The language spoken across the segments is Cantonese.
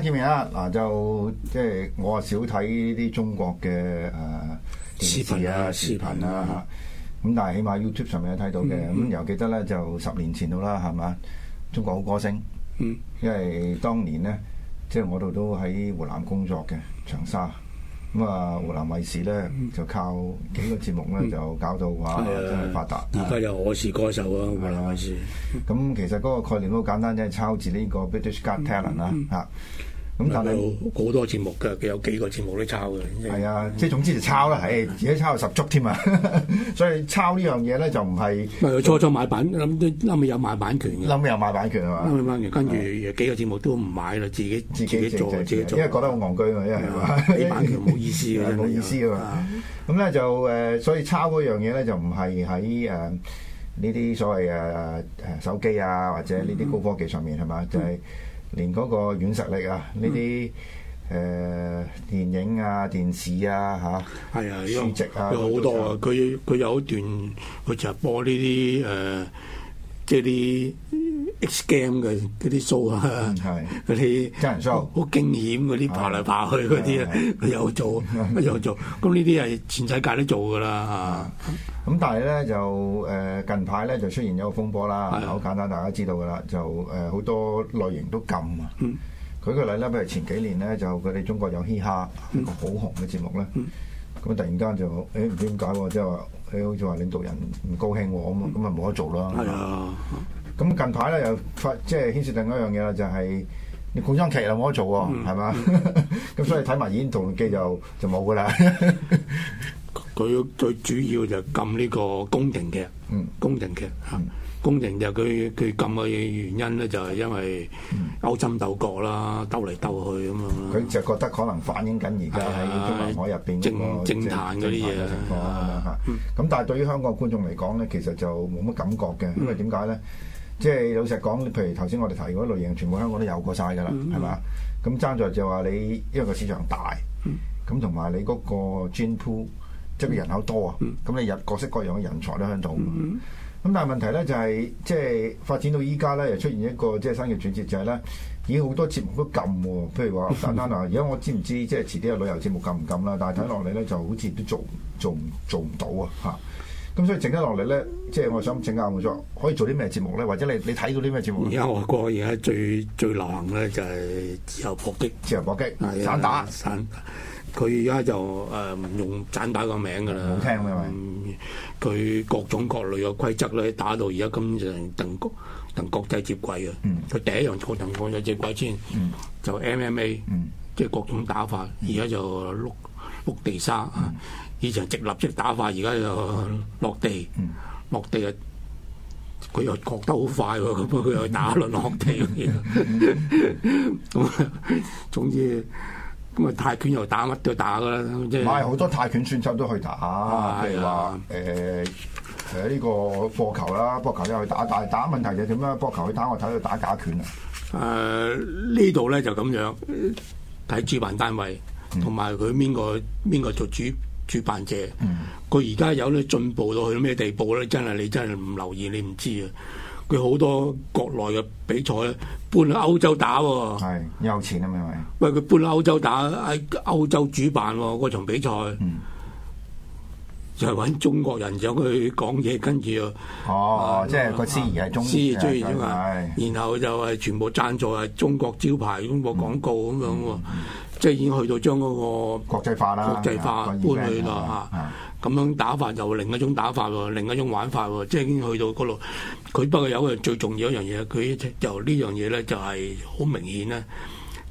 見面啦嗱，就即係我啊，少睇啲中國嘅誒電視啊、視頻啊。咁但係起碼 YouTube 上面有睇到嘅。咁又記得咧，就十年前到啦，係嘛？中國好歌星。嗯。因為當年咧，即係我度都喺湖南工作嘅，長沙。咁啊，湖南衞視咧就靠幾個節目咧，就搞到話真係發達。梗係有我是歌手啊，係啊，我是。咁其實嗰個概念好簡單，即係抄自呢個 British Got Talent 啦，嚇。咁但係好多節目嘅，佢有幾個節目都抄嘅。係啊，即係總之就抄啦，唉，自己抄十足添啊！所以抄呢樣嘢咧就唔係。咪初初買版，諗都諗起有買版權嘅，諗起有買版權係嘛，諗起版權，跟住幾個節目都唔買啦，自己自己做自己做，因為覺得好戇居啊，因為係嘛，啲版權冇意思啊，冇意思啊。咁咧就誒，所以抄嗰樣嘢咧就唔係喺誒呢啲所謂誒誒手機啊或者呢啲高科技上面係嘛，就係。連嗰個軟實力啊，呢啲誒電影啊、電視啊嚇，係啊，啊書籍啊好多啊，佢佢有一段佢、呃、就播呢啲誒，即係啲。X game 嘅啲 show 啊，嗰啲真人 show 好驚險嗰啲爬嚟爬去嗰啲啊，佢又做，佢又做，咁呢啲係全世界都做噶啦，咁但係咧就誒近排咧就出現咗個風波啦，好簡單大家知道噶啦，就誒好多類型都禁啊。舉個例啦，譬如前幾年咧就佢哋中國有嘻哈一個好紅嘅節目咧，咁突然間就誒唔知點解即係話誒好似話領導人唔高興喎咁啊，咁啊冇得做啦。咁近排咧又發即係牽涉另外一樣嘢啦，就係你古裝劇又冇得做喎，係嘛？咁所以睇埋演同記就就冇噶啦。佢最主要就禁呢個宮廷劇，宮廷劇嚇，宮廷就佢佢禁嘅原因咧，就係因為勾心鬥角啦，鬥嚟鬥去咁啊。佢就覺得可能反映緊而家喺中南海入邊政政壇嗰啲嘢情況嚇。咁但係對於香港觀眾嚟講咧，其實就冇乜感覺嘅，因為點解咧？即係老實講，譬如頭先我哋提嗰類型，全部香港都有過晒㗎啦，係嘛？咁、mm hmm. 爭在就話你因為個市場大，咁同埋你嗰個 gene pool，即係人口多啊，咁、mm hmm. 你入各式各樣嘅人才都喺度。咁、mm hmm. 但係問題咧就係、是，即、就、係、是、發展到依家咧，又出現一個即係新嘅轉折就呢，就係咧已經好多節目都禁喎。譬如話，簡單嗱，而家我知唔知即係遲啲嘅旅遊節目禁唔禁啦？但係睇落嚟咧，就好似都做做做唔到啊！嚇～咁所以整得落嚟咧，即係我想請教胡叔，可以做啲咩節目咧？或者你你睇到啲咩節目？而家我國而家最最流行咧就係自由搏擊，自由搏擊，啊、散打，散。佢而家就誒唔、呃、用散打個名㗎啦，唔聽㗎嘛。佢、嗯、各種各類嘅規則咧，打到而家咁就同國同國際接軌啊。佢、嗯、第一樣錯同國際接軌先，嗯、就 MMA，即係各種打法。而家就碌碌地沙。嗯嗯以前直立即打快，而家就落地、嗯、落地啊！佢又覺得好快喎，咁佢又打落地 落地咁。 總之咁啊，泰拳又打乜都打噶啦。唔係好多泰拳選手都去打，譬、啊、如話誒誒呢個播求啦，播求又去打，但係打問題就點啊？播求去打我睇到打假拳啊！誒、啊、呢度咧就咁樣睇主辦單位同埋佢邊個邊個做主。主辦者，佢而家有咧進步到去咩地步咧？真係你真係唔留意，你唔知啊！佢好多國內嘅比賽咧，搬歐洲打喎。係有錢啊，係咪？喂，佢搬歐洲打喺歐洲主辦嗰場比賽，就揾中國人上去講嘢，跟住哦，即係個司儀係中，司儀中啊，然後就係全部贊助係中國招牌、中國廣告咁樣。即係已經去到將嗰個國際化啦，國際化搬去啦嚇，咁、嗯嗯、樣打法就另一種打法喎，啊啊、另一種玩法喎，即、就、係、是、已經去到嗰度。佢不過有一個最重要一樣嘢，佢就呢樣嘢咧就係好明顯咧，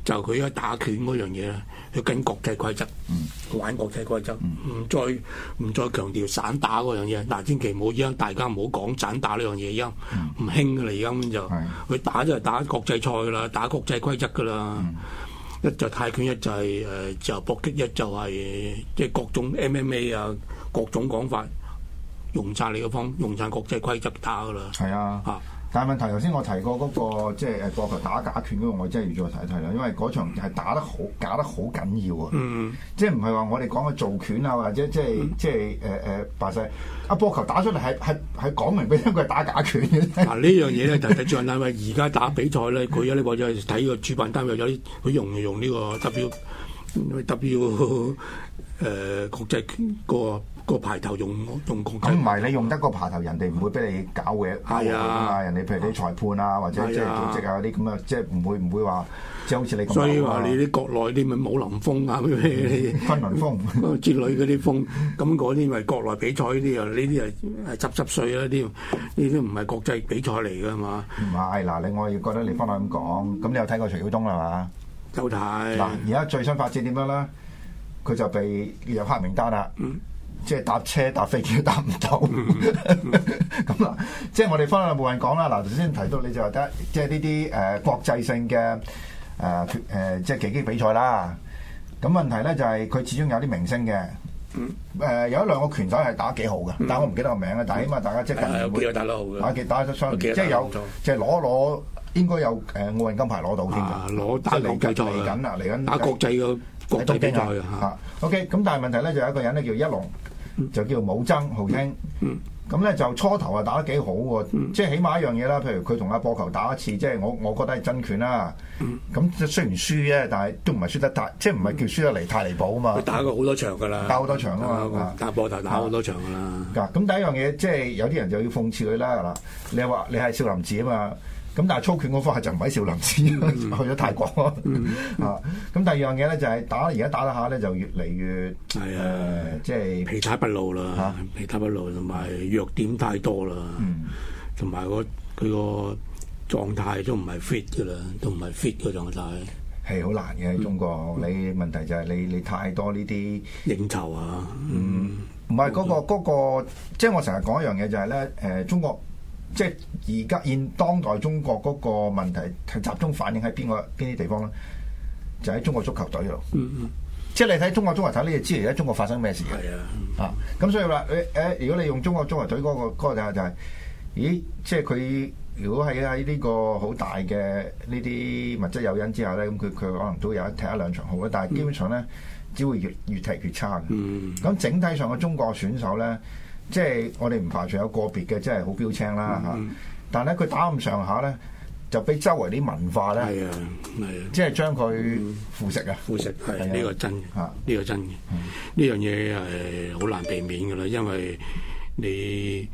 就佢一打拳嗰樣嘢咧，要跟國際規則，嗯、玩國際規則，唔、嗯、再唔再強調散打嗰樣嘢。嗱、啊，千祈唔好而家大家唔好講散打呢樣嘢，而家唔興噶啦，而家咁就，佢、啊、打就係打國際賽啦，打國際規則噶啦。嗯嗯一就泰拳，一就係自由搏擊，一就係即係各種 MMA 啊，各種講法，用曬你個方，用曬國際規則打噶啦。係啊。啊。但係問題，頭先我提過嗰嗰個即係誒波球打假拳嗰個，我真係要再睇睇啦，因為嗰場係打得好，打得好緊要啊！嗯、即係唔係話我哋講嘅做拳啊，或者即係即係誒誒白曬阿波球打出嚟係係係講明俾人佢打假拳嗱，啊 啊、呢樣嘢咧就係最難，因為而家打比賽咧，佢有咧我有睇個主辦單位有啲佢用唔用呢，呢個 W W 誒、呃、國際、嗰個。個排頭用用國際咁，唔係你用得個排頭，人哋唔會俾你搞嘅，係啊、哎呀！人哋譬如啲裁判啊，或者即係組織啊嗰啲咁啊，即係唔會唔會話，即係好似你。咁所以話你啲國內啲咪武林風啊，咩咩昆崙風之類嗰啲風，咁嗰啲咪國內比賽啲啊？呢啲係係執執碎啦，啲呢啲唔係國際比賽嚟噶嘛？唔係嗱，另外要覺得你剛才咁講，咁你有睇過徐曉東係嘛？周太、嗯。嗱，而家最新發展點樣啦？佢就被入黑名單啦。嗯即係搭車搭飛機都搭唔到，咁 啦、嗯。嗯、 即係我哋翻去冇人講啦。嗱，頭先提到你就話得，即係呢啲誒國際性嘅誒誒，即係競技比賽啦。咁問題咧就係佢始終有啲明星嘅，誒、呃、有一兩個拳手係打幾好嘅，嗯、但我唔記得個名啦。但起碼大家即打即係有，即係攞攞應該有誒奧運金牌攞到先。啊！攞嚟嚟緊啦，嚟緊打國際嘅國際比 o k 咁但係問題咧就有一個人咧叫一龍。就叫武僧浩清，咁咧、嗯、就初頭啊打得幾好喎，嗯、即係起碼一樣嘢啦。譬如佢同阿波球打一次，即、就、係、是、我我覺得係真拳啦。咁、嗯、雖然輸啫，但係都唔係輸得太，即係唔係叫輸得嚟太離譜啊嘛。打過好多場噶啦，打好多場啊嘛。打波頭打好多場噶啦。嗱、啊、咁、啊、第一樣嘢即係有啲人就要諷刺佢啦。嗱，你話你係少林寺啊嘛？咁但係操拳嗰方係就唔喺少林寺，去咗泰國咯。咁第二樣嘢咧就係打，而家打得下咧就越嚟越係啊，即係疲態不露啦，疲態不露，同埋弱點太多啦，同埋個佢個狀態都唔係 fit 噶啦，都唔係 fit 嘅狀態係好難嘅。中國你問題就係你你太多呢啲應酬啊，唔係嗰個嗰個，即係我成日講一樣嘢就係咧，誒中國。即係而家現當代中國嗰個問題係集中反映喺邊個邊啲地方咧？就喺中國足球隊度。嗯嗯，即係你睇中國足球隊，你就知而家中國發生咩事。係、嗯、啊，啊咁所以話誒誒，如果你用中國足球隊嗰個嗰、嗰個睇就係、是，咦，即係佢如果係喺呢個好大嘅呢啲物質誘因之下咧，咁佢佢可能都有一踢一兩場好啦，但係基本上咧，只會越越踢越差嘅。咁、嗯、整體上嘅中國選手咧。即係我哋唔排除有個別嘅，即係好標青啦吓。嗯、但係咧，佢打咁上下咧，就俾周圍啲文化咧，即係將佢腐蝕啊，腐蝕係呢個真，呢、呢個真嘅呢、嗯、樣嘢係好難避免噶啦因為你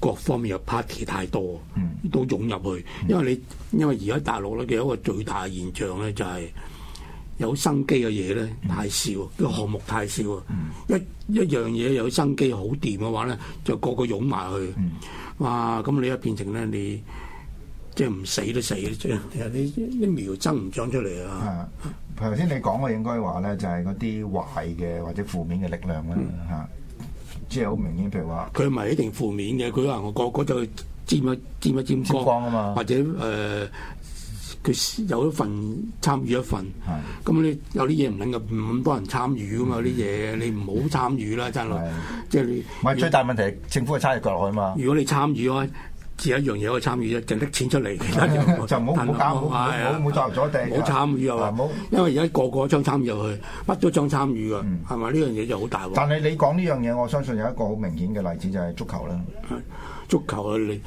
各方面嘅 party 太多，嗯、都湧入去。因為你因為而家大陸咧嘅一個最大嘅現象咧就係、是。有生機嘅嘢咧太少，這個項目太少啊、嗯！一一樣嘢有生機好掂嘅話咧，就個個湧埋去。嗯、哇！咁你一變成咧，你即係唔死都死你啊！有啲啲苗增唔長出嚟啊！頭先你講嘅應該話咧，就係嗰啲壞嘅或者負面嘅力量啦嚇、嗯啊，即係好明顯。譬如話，佢唔係一定負面嘅，佢話我個個,個就佔一佔一佔光啊嘛，或者誒。呃佢有一份參與一份，咁你有啲嘢唔能夠咁多人參與㗎嘛？有啲嘢你唔好參與啦，真係，即係你。唔係最大問題政府係差住腳落去啊嘛！如果你參與咧，只有一樣嘢可以參與就淨搦錢出嚟，就唔好唔好搞，唔好唔好再阻訂，唔好參與啊嘛！因為而家個個都將參與入去，乜都將參與㗎，係咪呢樣嘢就好大？但係你講呢樣嘢，我相信有一個好明顯嘅例子就係足球啦。足球啊，你。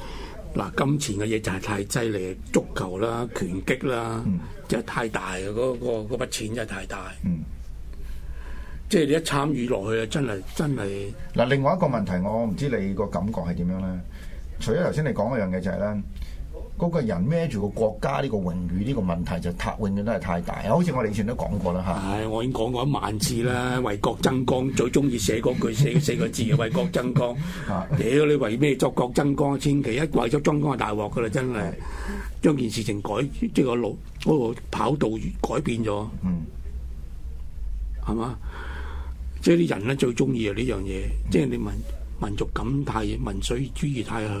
嗱，金錢嘅嘢就係太犀利，足球啦、拳擊啦，即係、嗯、太大嘅嗰個嗰筆錢真係太大，嗯、即係你一參與落去啊，真係真係。嗱，另外一個問題，我唔知你個感覺係點樣咧？除咗頭先你講嗰樣嘢就係、是、咧。嗰個人孭住個國家呢個榮譽呢個問題就太，永遠都係太大，好似我以前都講過啦嚇。係、哎，我已經講過一萬次啦。為國爭光最中意寫嗰句寫四個字啊，為國爭光。屌 你，你為咩作國爭光？千祈一為咗中國大鑊噶啦，真係將件事情改即個路嗰、那個跑道改變咗。嗯，係嘛？即係啲人咧最中意啊呢樣嘢，即係你民民族感太濃，民粹主義太強。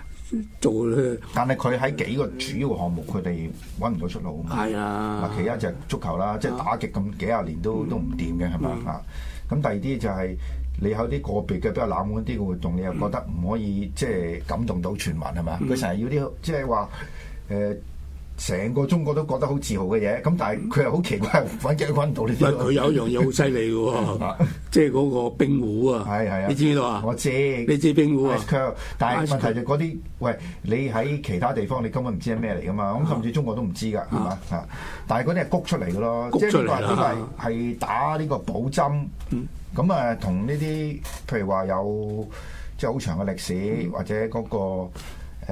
做，但係佢喺幾個主要項目，佢哋揾唔到出路啊嘛。係啊，嗱，其一就係足球啦，啊、即係打極咁幾廿年都，嗯、都唔掂嘅，係咪？啊、嗯？咁第二啲就係，是，你有啲個別嘅比較冷門啲嘅活動，你又覺得唔可以，嗯、即係感動到全民係咪？佢成日要啲即係話誒。嗯成個中國都覺得好自豪嘅嘢，咁但係佢又好奇怪，揾極都揾唔到呢啲。佢有一樣嘢好犀利嘅喎， 即係嗰個冰壺啊！係係啊，你知道，知道，你知道啊？我知，你知冰壺啊？但係問題就嗰啲，喂，你喺其他地方你根本唔知係咩嚟噶嘛？咁甚至中國都唔知噶，係嘛？啊！吧但係嗰啲係谷出嚟嘅咯，啊、即係話係打呢個保針，咁啊同呢啲，譬如話有即係好長嘅歷史或者嗰、嗰個。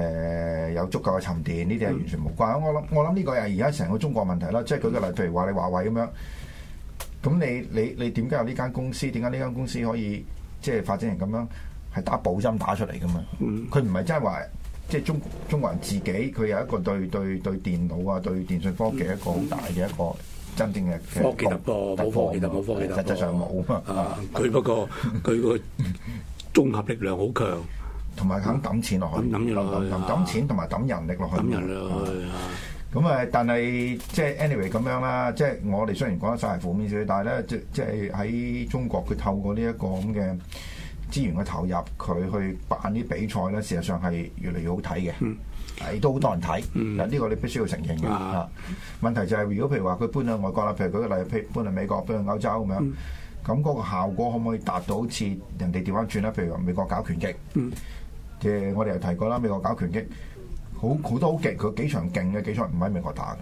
誒、呃，有足夠嘅沉澱，呢啲係完全冇關。我諗，我諗呢個又係而家成個中國問題啦。即係舉個例，譬如話你華為咁樣，咁你你你點解有呢間公司？點解呢間公司可以即係發展成咁樣，係打補針打出嚟嘅嘛？佢唔係真係話，即係中國中國人自己，佢有一個對對對,對電腦啊，對電信科技一個好大嘅一個真正嘅科技突破，冇科技突破，實際上冇啊。佢不過佢個 綜合力量好強。同埋肯抌錢落去，抌抌錢，同埋抌人力落去。咁啊，但係即係 anyway 咁樣啦，即係我哋雖然講得晒係負面少少，但係咧即即係喺中國，佢透過呢一個咁嘅資源嘅投入，佢去辦啲比賽咧，事實上係越嚟越好睇嘅，亦都好多人睇。嗱，呢個你必須要承認嘅啊。問題就係如果譬如話佢搬去外國啦，譬如舉個例，譬搬去美國、搬去歐洲咁樣，咁嗰個效果可唔可以達到好似人哋調翻轉咧？譬如話美國搞拳擊。即係我哋又提過啦，美國搞拳擊，好好多好勁，佢幾場勁嘅幾場唔喺美國打嘅，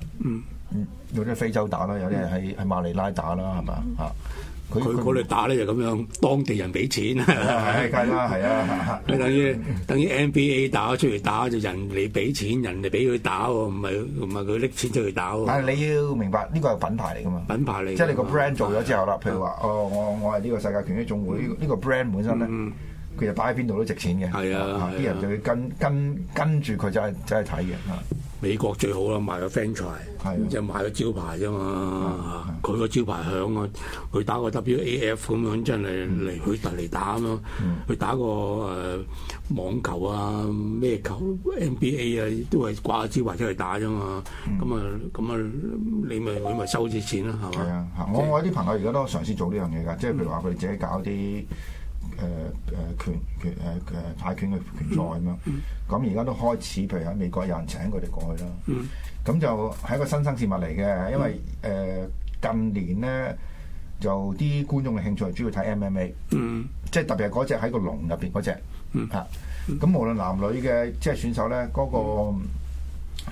嗯，有啲係非洲打啦，有啲喺喺馬里拉打啦，係嘛嚇？佢嗰度打咧就咁樣，當地人俾錢，梗係啦，係啊，你等於等於 NBA 打出嚟打就人哋俾錢，人哋俾佢打喎，唔係唔係佢拎錢出嚟打喎。但係你要明白，呢個係品牌嚟噶嘛，品牌嚟，即係你個 brand 做咗之後啦，譬如話，哦，我我係呢個世界拳擊總會呢個 brand 本身咧。其實擺喺邊度都值錢嘅，係啊！啲人就要跟跟跟住佢就係走去睇嘅。美國最好啦，賣個 fan 即係賣個招牌啫嘛。佢個招牌響啊，佢打個 WAF 咁樣真係嚟佢特嚟打啊嘛。佢打個誒網球啊，咩球 NBA 啊，都係掛招牌出嚟打啫嘛。咁啊咁啊，你咪會咪收啲錢啦，係咪？啊，我我啲朋友而家都嘗試做呢樣嘢㗎，即係譬如話佢哋自己搞啲。誒誒、呃、拳拳誒誒泰拳嘅拳賽咁樣、嗯，咁而家都開始，譬如喺美國有人請佢哋過去啦、嗯。咁、嗯、就係一個新生事物嚟嘅，因為誒、呃、近年咧就啲觀眾嘅興趣主要睇 MMA，即係特別係嗰隻喺個籠入邊嗰隻嚇。咁、嗯啊、無論男女嘅即係選手咧、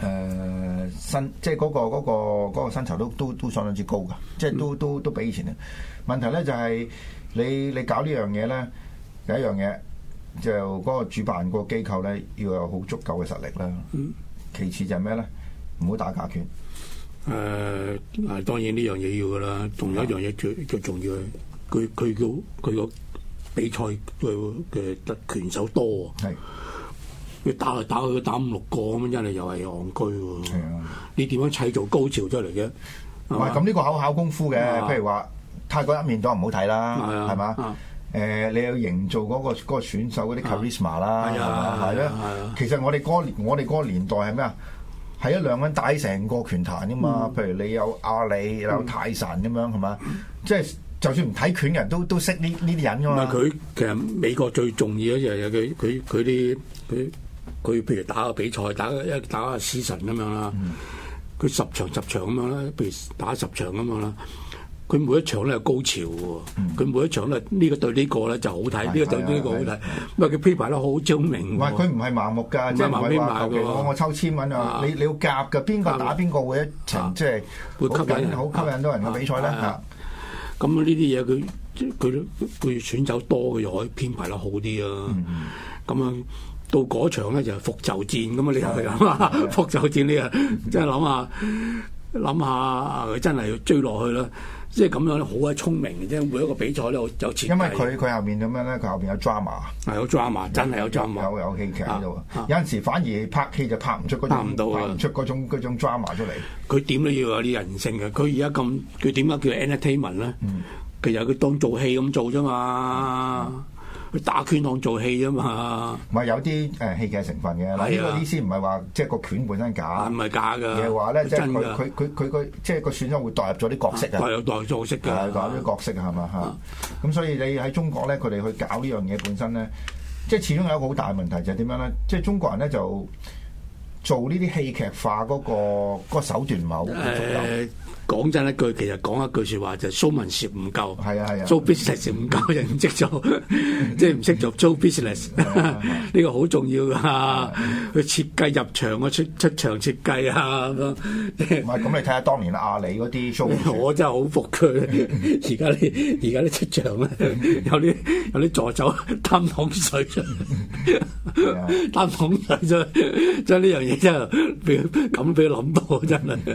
呃嗯，嗰新 個誒身即係嗰個嗰個嗰薪酬都都都相當之高噶，即係都都都比以前啊。問題咧就係，是。你你搞呢樣嘢咧，有一樣嘢就嗰個主辦個機構咧要有好足夠嘅實力啦。嗯，其次就係咩咧？唔好打假拳。誒、呃，係當然呢樣嘢要噶啦。仲有一樣嘢最最重要，佢佢叫佢個比賽嘅嘅拳手多啊。要打嚟打去都打五六個咁樣，真係又係戇居喎。係啊，你點樣砌造高潮出嚟嘅？唔係咁呢個口考功夫嘅，譬如話。太過一面倒唔好睇啦，係嘛？誒，你要營造嗰個嗰個選手嗰啲 charisma 啦，係咪咧？其實我哋嗰個我哋嗰個年代係咩啊？係一兩個人帶成個拳壇噶嘛。譬如你有阿里有泰神咁樣，係嘛？即係就算唔睇拳人都都識呢呢啲人噶嘛。佢其實美國最重要一樣嘢，佢佢佢啲佢佢譬如打個比賽打一打阿斯神咁樣啦，佢十場十場咁樣啦，譬如打十場咁樣啦。佢每一場咧係高潮喎，佢每一場咧呢個對呢個咧就好睇，呢個對呢個好睇。咁啊，佢編排得好精明。佢唔係盲目噶，即唔我抽籤啊，你你要夾噶，邊個打邊個會一場即係會吸引，好吸引到人嘅比賽咧。咁呢啲嘢佢佢佢選手多嘅又可以編排得好啲啊。咁啊，到嗰場咧就係復仇戰咁啊！你下，復仇戰呢？啊，即係諗下諗下，佢真係要追落去啦。即係咁樣咧，好鬼聰明嘅啫。每一個比賽咧，有設計。因為佢佢後邊咁樣咧，佢後邊有 drama，係有 drama，真係有 drama。有有戲劇喺度。啊、有陣時反而拍戲就拍唔出嗰種拍唔出嗰種，種 drama 出嚟。佢點都要有啲人性嘅。佢而家咁，佢點解叫 entertainment 咧？嗯、其實佢當做戲咁做啫嘛。嗯去打拳堂做戲啊嘛，唔係、嗯、有啲誒戲劇成分嘅，係啊，呢個意思唔係話即係個拳本身假，唔係假噶嘅，而係話咧，即係佢佢佢佢即係個選手會代入咗啲角色啊，係有代入、代色、啊、代入角色嘅，搞啲角色係嘛吓，咁、啊嗯、所以你喺中國咧，佢哋去搞呢樣嘢本身咧，即係始終有一個好大嘅問題就係、是、點樣咧，即係中國人咧就做呢啲戲劇化嗰、那個、那個手段唔係好。呃講真一句，其實講一句説話就蘇、是、文涉唔夠，做 business 唔夠人識做，即係唔識做做 business 呢個好重要噶、啊，啊、去設計入場啊出出場設計啊咁咯。唔係咁， 你睇下當年阿里嗰啲 show， 我真係好服佢。而家你而家啲出場咧，有啲有啲助手擔桶水出，擔 桶、啊、水出，將呢樣嘢真後俾咁俾佢諗到真係。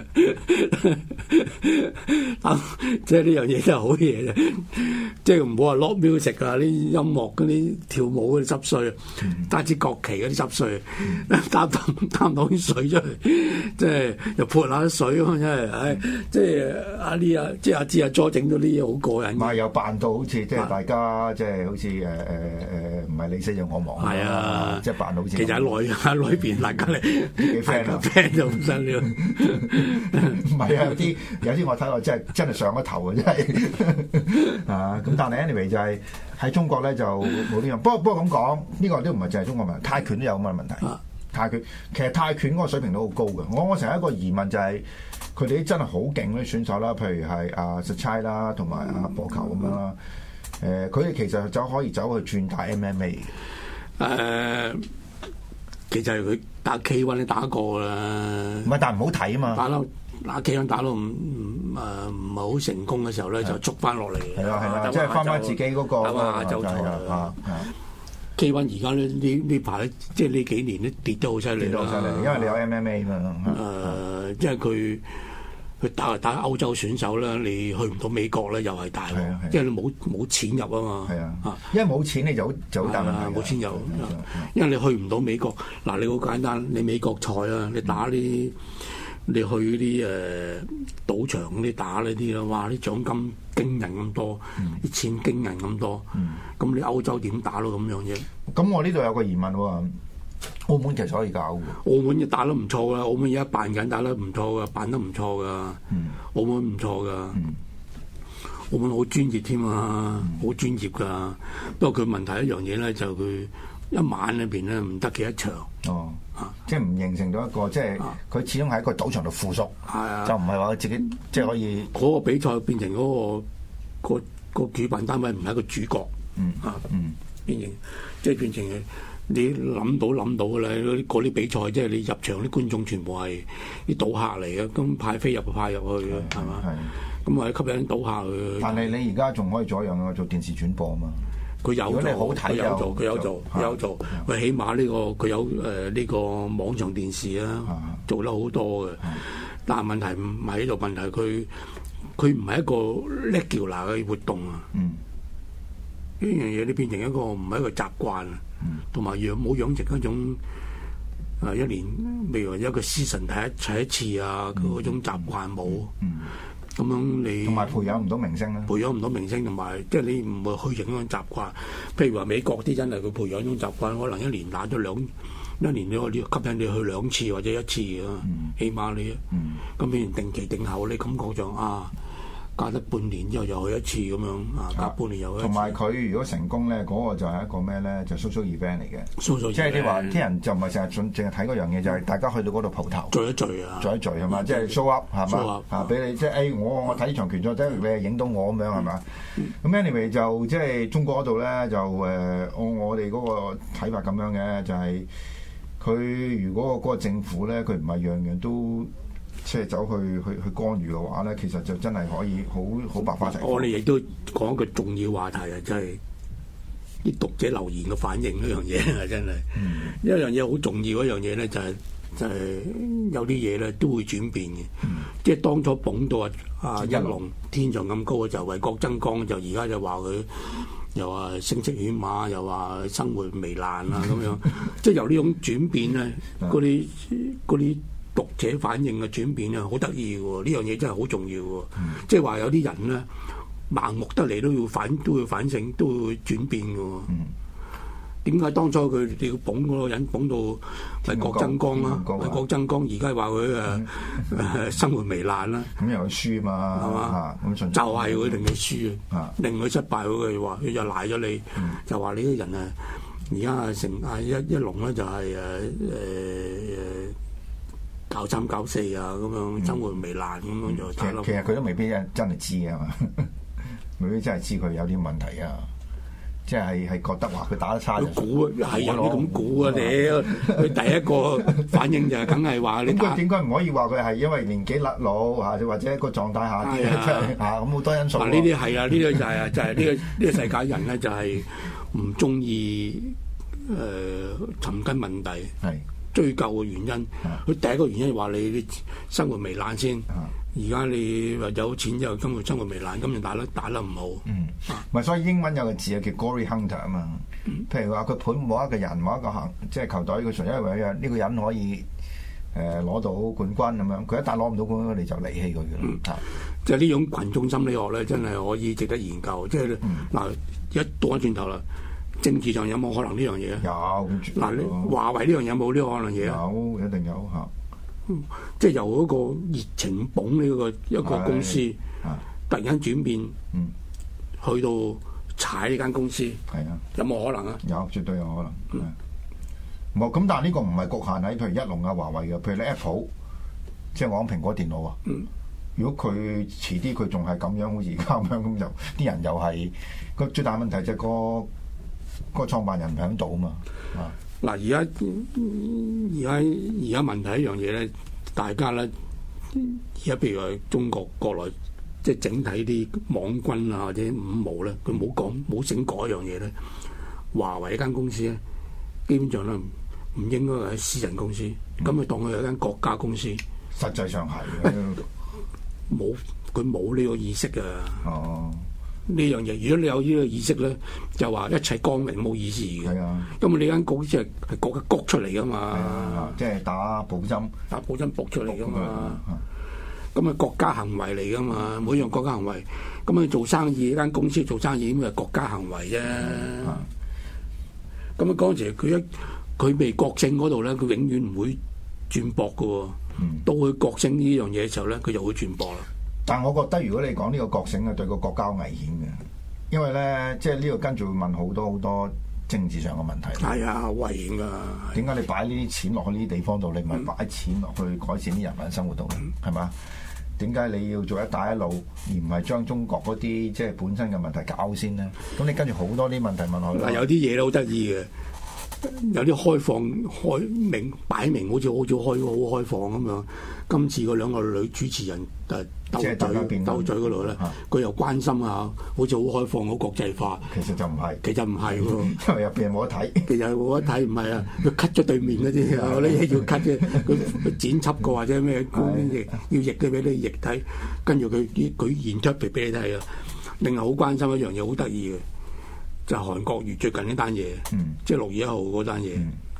即係呢樣嘢真係好嘢，即係唔好話 lock music 啊，啲音樂嗰啲跳舞嗰啲濕碎，單止、嗯、國旗嗰啲濕碎，擔擔擔唔到啲水出去，即係又潑下水咁，真係，即係阿呢啊，即係阿志啊，再整到啲嘢好過癮。唔係有扮到好似即係大家，即係好似誒誒誒，唔係你死就我亡啊，即係扮到其實喺內喺裏邊大家你 friend，friend 就唔使呢個。唔係啊，有啲。有啲我睇落真係真係上咗頭啊！真係啊咁，但係 anyway 就係、是、喺中國咧就冇啲用。不過不過咁講，呢、這個都唔係淨係中國問題，泰拳都有咁嘅問題。泰拳其實泰拳嗰個水平都好高嘅。我我成日一個疑問就係、是，佢哋真係好勁嗰啲選手啦，譬如係阿 Saenchai 啦，同埋阿播求咁樣啦。誒，佢哋其實走可以走去轉打 MMA。誒、uh，其實佢打 K-1 都打過啦。唔係，但係唔好睇啊嘛。嗱，基韻打到唔唔唔係好成功嘅時候咧，就捉翻落嚟。係啊係啊，即係翻翻自己嗰個亞洲賽啊嘛，就基韻而家咧呢呢排即係呢幾年都跌得好犀利，因為你有 MMA 嘛。誒，因為佢佢打打歐洲選手咧，你去唔到美國咧，又係大鑊。因為你冇冇錢入啊嘛。係啊，因為冇錢你就好就好大鑊，冇錢入。因為你去唔到美國，嗱你好簡單，你美國賽啊，你打啲。你去嗰啲誒賭場嗰啲打呢啲咯，哇！啲獎金驚人咁多，啲、嗯、錢驚人咁多，咁、嗯、你歐洲點打咯咁樣嘢？咁我呢度有個疑問喎，澳門其實可以搞嘅。澳門嘅打都唔錯噶，錯嗯、澳門而家辦緊打都唔錯噶，辦得唔錯噶，澳門唔錯噶，澳門好專業添啊，好、嗯嗯、專業噶。不過佢問題一樣嘢咧，就佢、是。就是一晚裏邊咧唔得幾一場哦，即係唔形成咗一個即係佢始終喺個賭場度附屬，就唔係話自己即係可以嗰個比賽變成嗰個個個舉辦單位唔係一個主角，啊，變成即係變成你諗到諗到嘅咧嗰啲啲比賽，即係你入場啲觀眾全部係啲賭客嚟嘅，咁派飛入去派入去嘅係嘛，咁為吸引啲賭客去。但係你而家仲可以咗樣嘅做電視轉播啊嘛。佢有做，佢有做，佢有做，就有做。佢、啊、起碼呢、呢個佢有誒呢、呃呢個網上電視啊，啊做得好多嘅。啊、但問題唔係呢度，問題佢佢唔係一個 regular 嘅活動啊。呢樣嘢你變成一個唔係一個習慣啊，同埋、嗯、養冇養成一種啊、嗯、一年例如一個 season 睇一齊一次啊嗰種習慣冇。嗯嗯咁樣你同埋培養唔到明星咧，培養唔到明星同埋即係你唔會去形成習慣。譬如話美國啲真係佢培養一種習慣，可能一年打咗兩一年你可以吸引你去兩次或者一次啊，嗯、起碼你咁譬、嗯、如定期定候，你感覺上啊。隔咗半年之後又去一次咁樣，啊，隔半年又一次，同埋佢如果成功咧，嗰、那個就係一個咩咧？就是、social event 嚟嘅 so 即係你話啲人就唔係成日盡淨係睇嗰樣嘢，就係、是、大家去到嗰度蒲頭聚一聚啊，聚一聚係嘛？即係、就是、show up 係嘛？啊，俾你即係、就是，哎，我我睇呢場拳賽，即係你影到我咁樣係嘛？咁是、嗯、anyway 就即係、就是、中國嗰度咧，就誒按我哋嗰個睇法咁樣嘅，就係佢如果嗰個政府咧，佢唔係樣樣都。即係走去去去干預嘅話咧，其實就真係可以好好白法。我哋亦都講一個重要話題啊，真係啲讀者留言嘅反應呢樣嘢啊，真係。嗯、一樣嘢好重要一，一樣嘢咧就係、是、就係、是、有啲嘢咧都會轉變嘅。嗯、即係當初捧到啊一啊一龍天象咁高，就為國增光，就而家就話佢又話聲色犬馬，又話生活糜爛啊咁、嗯、樣。即係 由呢種轉變咧，啲嗰啲。讀者反應嘅轉變啊，好得意喎！呢樣嘢真係好重要喎，即係話有啲人咧盲目得嚟都要反都要反省，都要轉變嘅喎。點解當初佢哋要捧嗰個人捧到係郭增光啦？係郭增光，而家話佢誒生活糜爛啦。咁又輸嘛？係嘛？咁就係會令佢輸啊！令佢失敗，佢又話佢又賴咗你，就話你啲人啊，而家成啊一一龍咧就係誒誒誒。九三九四啊，咁樣生活未爛咁樣就打咯。其實其實佢都未必真真係知啊嘛，未必真係知佢有啲問題啊。即係係覺得話佢打得差，佢估係人都咁估啊屌！佢第一個反應就係梗係話你。應該點解唔可以話佢係因為年紀甩老啊，或者個狀態下啲啊啊咁好多因素。嗱呢啲係啊，呢個就係啊，就係呢個呢個世界人咧就係唔中意誒尋根問底係。追究嘅原因，佢第一個原因話你你生活糜爛先，而家你話有錢之後，今個生活糜爛，今次打得打得唔好，嗯，咪所以英文有個字啊叫 Glory Hunter 啊嘛，譬如話佢判冇一個人冇一個行，即係球隊，佢純因為呢個人可以誒攞到冠軍咁樣，佢一旦攞唔到冠軍，你就離棄佢嘅，即係呢種群眾心理學咧，真係可以值得研究，即係嗱一多轉頭啦。政治上有冇可能呢樣嘢？有嗱，你、嗯、華為呢樣嘢有冇呢個可能嘢？有，一定有吓、嗯。即係由一個熱情捧呢個一個公司，突然間轉變，去到踩呢間公司，係啊，有冇可能啊？有，絕對有可能。冇咁、嗯，但係呢個唔係局限喺譬如一龍啊、華為嘅，譬如咧 Apple，即係我講蘋果電腦啊。嗯、如果佢遲啲佢仲係咁樣，好似而家咁樣，咁就，啲人又係個最大問題就個。個創辦人唔喺度啊嘛！嗱、啊，而家而家而家問題一樣嘢咧，大家咧，而家譬如話中國國內即係整體啲網軍啊或者五毛咧，佢冇講冇整嗰樣嘢咧。華為一間公司咧，基本上咧唔應該係私人公司，咁佢當佢係一間國家公司。嗯、實際上係。冇佢冇呢個意識啊。哦呢樣嘢，如果你有呢個意識咧，就話一切光明冇意思嘅。係啊，因為你間公司係國家谷出嚟噶嘛。係啊，即係打補針，打補針搏出嚟噶嘛。咁啊，國家行為嚟噶嘛，每樣國家行為。咁啊，做生意間公司做生意咁啊，國家行為啫。咁啊，嗰陣時佢一佢未國政嗰度咧，佢永遠唔會轉博噶喎。到佢國政呢樣嘢時候咧，佢就會轉博啦。但我覺得，如果你講呢個覺醒係，對個國家危險嘅，因為咧，即係呢個跟住會問好多好多政治上嘅問題。係啊、哎，危險啊！點解你擺呢啲錢落去呢啲地方度？你唔係擺錢落去改善啲人民生活度嘅，係嘛、嗯？點解你要做一帶一路，而唔係將中國嗰啲即係本身嘅問題搞先呢？咁你跟住好多啲問題問落去。但，有啲嘢都好得意嘅。有啲開放、開明、擺明，好似好早開、好開放咁樣。今次嗰兩個女主持人誒鬥嘴、鬥嘴嗰度咧，佢又關心下，好似好開放、好國際化。其實就唔係，其實唔係喎，因為入邊冇得睇。其實冇得睇唔係啊，佢 cut 咗對面嗰啲，我啲嘢要 cut 嘅，佢剪輯過或者咩， 要譯嘅俾你譯睇。跟住佢啲舉現出嚟俾你睇啊，另外好關心一樣嘢，好得意嘅。就韓國瑜最近呢單嘢，即係六月一號嗰單嘢，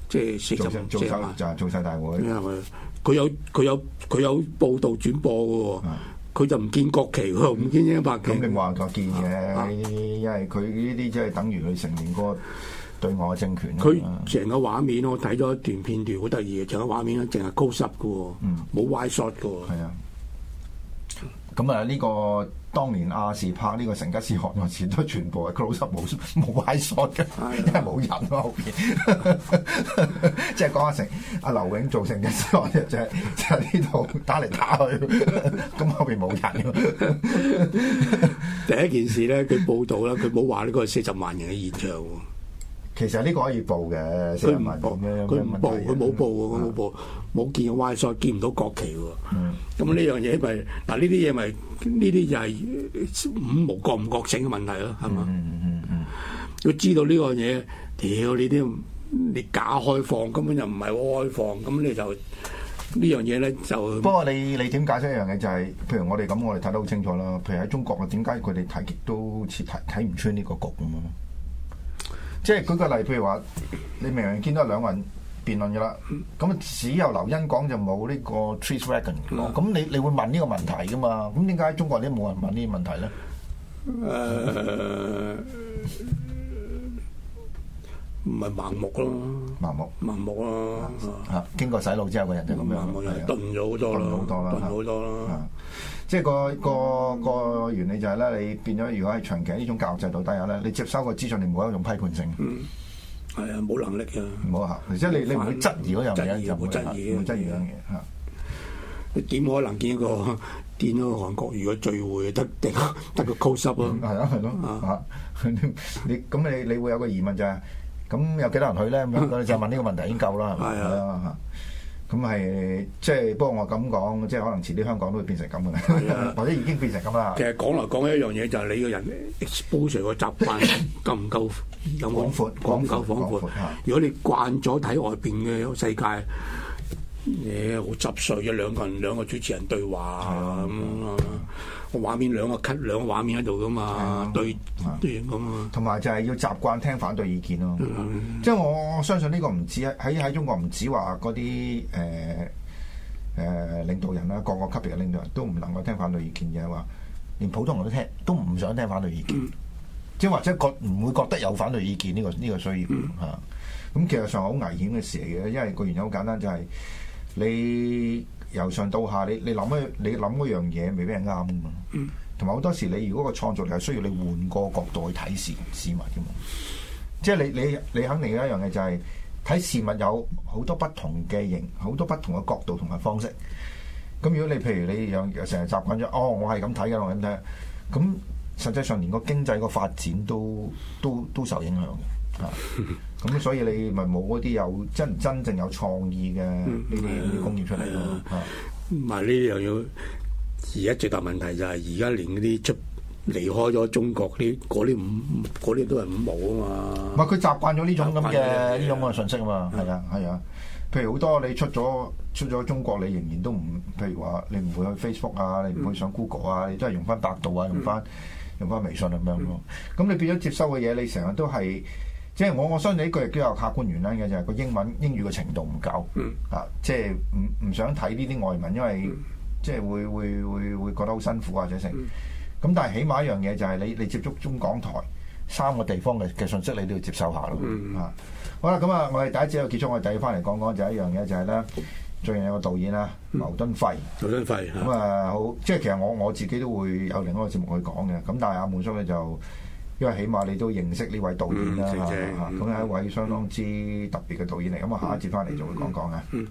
即係四十隻就係造勢大會。佢有佢有佢有報道轉播嘅，佢就唔見國旗，佢唔見一百。咁你話就見嘅，因為佢呢啲即係等於佢承認嗰對外政權。佢成個畫面，我睇咗一段片段，好得意嘅，成個畫面咧淨係高濕嘅，冇歪 shot 嘅。係啊，咁啊呢個。當年亞視拍呢個成吉思汗，前都全部係 close up，冇冇擺 shot 嘅， 因為冇人咯、啊、後邊， 即係講阿成阿劉永造成嘅，即係就係就係呢度打嚟打去，咁 後邊冇人、啊。 第一件事咧，佢報道咧，佢冇話呢個四十萬人嘅現場。其實呢個可以報嘅，佢唔係報咩？佢唔係報，佢冇報，佢冇報，冇見 Y 賽，見唔到國旗喎。咁呢樣嘢咪嗱呢啲嘢咪呢啲就係五毛覺唔覺醒嘅問題咯，係嘛？要知道呢樣嘢，屌你啲你假開放根本就唔係好開放，咁你就呢樣嘢咧就。不過你你點解釋一樣嘢就係，譬如我哋咁，我哋睇得好清楚啦。譬如喺中國啊，點解佢哋睇極都好似睇睇唔出呢個局咁啊？即係舉個例，譬如話你明明見到兩個人辯論嘅啦，咁只有劉欣講就冇呢個 Trish Regan 講，咁你你會問呢個問題嘅嘛？咁點解中國人都冇人問呢啲問題咧？Uh 唔係盲目咯，盲目，盲目咯。吓，經過洗腦之後嘅人就咁樣，鈍咗好多啦，好多啦，即係個個個原理就係咧，你變咗。如果喺長期呢種教育制度底下咧，你接收個資訊，你冇一種批判性。嗯，係啊，冇能力啊。冇即係你你唔會質疑嗰樣嘢，唔會質疑，唔質疑樣嘢。吓，你點可能見個見到韓國如果聚會得得個高濕咯？係啊，係咯。吓，你咁你你會有個疑問就係。咁、嗯、有幾多人去咧？咁樣就係、問呢個問題已經夠啦，係咪啦？咁係、啊 嗯、即係不過我咁講，即係可能遲啲香港都會變成咁嘅，啊、或者已經變成咁啦。其實講來講去一樣嘢就係你個人 exposure 個習慣夠唔夠？夠廣闊，廣唔夠廣闊？如果你慣咗睇外邊嘅世界嘢好、嗯、執碎，兩個人兩個主持人對話咁的畫面兩個 cut 兩個畫面喺度噶嘛？啊、對，對噶嘛？同埋就係要習慣聽反對意見咯。即係、嗯、我相信呢個唔止喺喺中國唔止話嗰啲誒誒領導人啦，各個級別嘅領導人都唔能夠聽反對意見，嘅係話連普通人都聽，都唔想聽反對意見。即係、嗯、或者覺唔會覺得有反對意見呢、這個呢、這個需要吓？咁、嗯啊、其實上係好危險嘅事嚟嘅，因為個原因好簡單，就係你。由上到下，你你諗一你諗嗰樣嘢，未必係啱噶嘛。嗯，同埋好多時，你如果個創造力係需要你換個角度去睇事事物嘅嘛。即係你你你肯定有一樣嘢就係睇事物有好多不同嘅形，好多不同嘅角度同埋方式。咁如果你譬如你有成日習慣咗哦，我係咁睇嘅，我係咁睇，咁實際上連個經濟個發展都都都受影響嘅。咁所以你咪冇嗰啲有真真正有創意嘅呢啲工業出嚟咯，唔係呢啲又要，而家最大問題就係而家連嗰啲出離開咗中國啲嗰啲五啲都係五毛啊嘛，唔係佢習慣咗呢種咁嘅呢種嘅信息嘛，係啊係啊，譬如好多你出咗出咗中國，你仍然都唔，譬如話你唔會去 Facebook 啊，你唔會上 Google 啊，你都係用翻百度啊，用翻用翻微信咁樣咯，咁你變咗接收嘅嘢，你成日都係。即係我我相信呢句亦都有客觀原因嘅，就係、是、個英文英語嘅程度唔夠，嗯、啊，即係唔唔想睇呢啲外文，因為、嗯、即係會會會會覺得好辛苦或者成。咁、嗯、但係起碼一樣嘢就係你你接觸中港台三個地方嘅嘅信息，你都要接受下咯。啊，嗯嗯好啦，咁、嗯、啊，我哋第一節又結束，結束我哋第二翻嚟講講就係一樣嘢、就是，就係咧最近有個導演啦，劉敦輝。嗯、劉敦輝。咁啊，好，即係、嗯、其實我其實我，我自己都會有另一個節目去講嘅，咁但係阿滿叔咧就。因為起碼你都認識呢位導演啦，吓，咁係一位相當之特別嘅導演嚟，咁、嗯、我下一節翻嚟就會講講啊。嗯嗯嗯